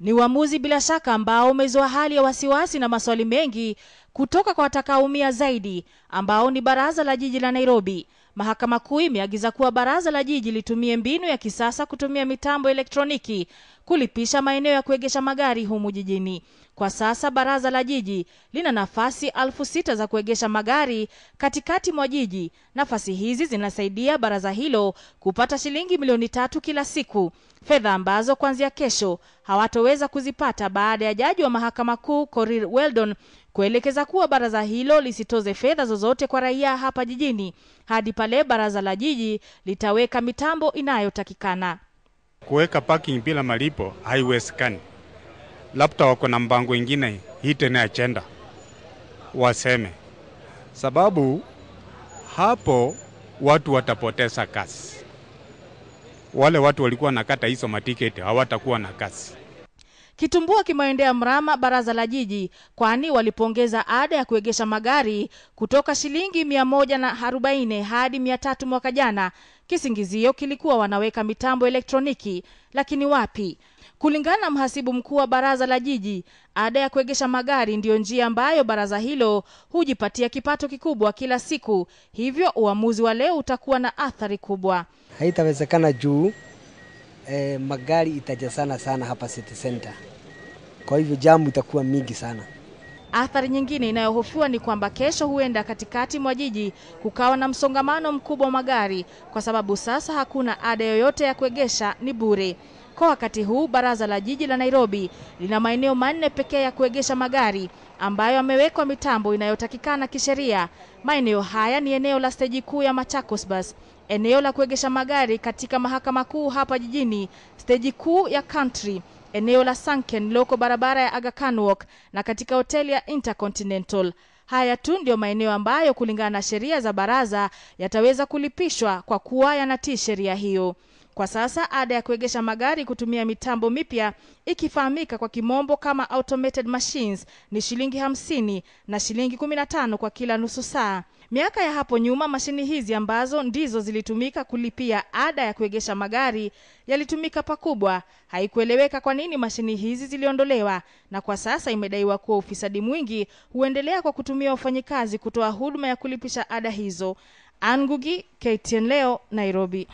Ni uamuzi bila shaka ambao umezua hali ya wasiwasi na maswali mengi kutoka kwa watakaoumia zaidi ambao ni baraza la jiji la Nairobi. Mahakama Kuu imeagiza kuwa baraza la jiji litumie mbinu ya kisasa kutumia mitambo elektroniki kulipisha maeneo ya kuegesha magari humu jijini. Kwa sasa baraza la jiji lina nafasi alfu sita za kuegesha magari katikati mwa jiji. Nafasi hizi zinasaidia baraza hilo kupata shilingi milioni tatu kila siku, fedha ambazo kuanzia kesho hawatoweza kuzipata baada ya jaji wa mahakama kuu corir Weldon kuelekeza kuwa baraza hilo lisitoze fedha zozote kwa raia hapa jijini hadi pale baraza la jiji litaweka mitambo inayotakikana. Kuweka parking bila malipo haiwezekani, labda wako na mpango ingine hii tena ya waseme, sababu hapo watu watapoteza kazi. Wale watu walikuwa nakata hizo matiketi hawatakuwa na kazi. Kitumbua kimeendea mrama baraza la jiji, kwani walipongeza ada ya kuegesha magari kutoka shilingi mia moja na arobaini hadi mia tatu mwaka jana. Kisingizio kilikuwa wanaweka mitambo elektroniki, lakini wapi. Kulingana na mhasibu mkuu wa baraza la jiji, ada ya kuegesha magari ndiyo njia ambayo baraza hilo hujipatia kipato kikubwa kila siku, hivyo uamuzi wa leo utakuwa na athari kubwa. Haitawezekana juu eh, magari itajazana sana hapa City Center, kwa hivyo jamu itakuwa mingi sana. Athari nyingine inayohofiwa ni kwamba kesho huenda katikati mwa jiji kukawa na msongamano mkubwa wa magari kwa sababu sasa hakuna ada yoyote ya kuegesha, ni bure. Kwa wakati huu baraza la jiji la Nairobi lina maeneo manne pekee ya kuegesha magari ambayo yamewekwa mitambo inayotakikana kisheria. Maeneo haya ni eneo la steji kuu ya Machakos Bus, eneo la kuegesha magari katika mahakama kuu hapa jijini, steji kuu ya Country, eneo la Sunken loko barabara ya Aga Khan Walk na katika hoteli ya Intercontinental. Haya tu ndio maeneo ambayo kulingana na sheria za baraza yataweza kulipishwa kwa kuwa yanatii sheria hiyo. Kwa sasa ada ya kuegesha magari kutumia mitambo mipya ikifahamika kwa kimombo kama automated machines ni shilingi hamsini na shilingi kumi na tano kwa kila nusu saa. Miaka ya hapo nyuma mashini hizi ambazo ndizo zilitumika kulipia ada ya kuegesha magari yalitumika pakubwa. Haikueleweka kwa nini mashini hizi ziliondolewa, na kwa sasa imedaiwa kuwa ufisadi mwingi huendelea kwa kutumia wafanyikazi kutoa huduma ya kulipisha ada hizo. angugi KTN Leo, Nairobi.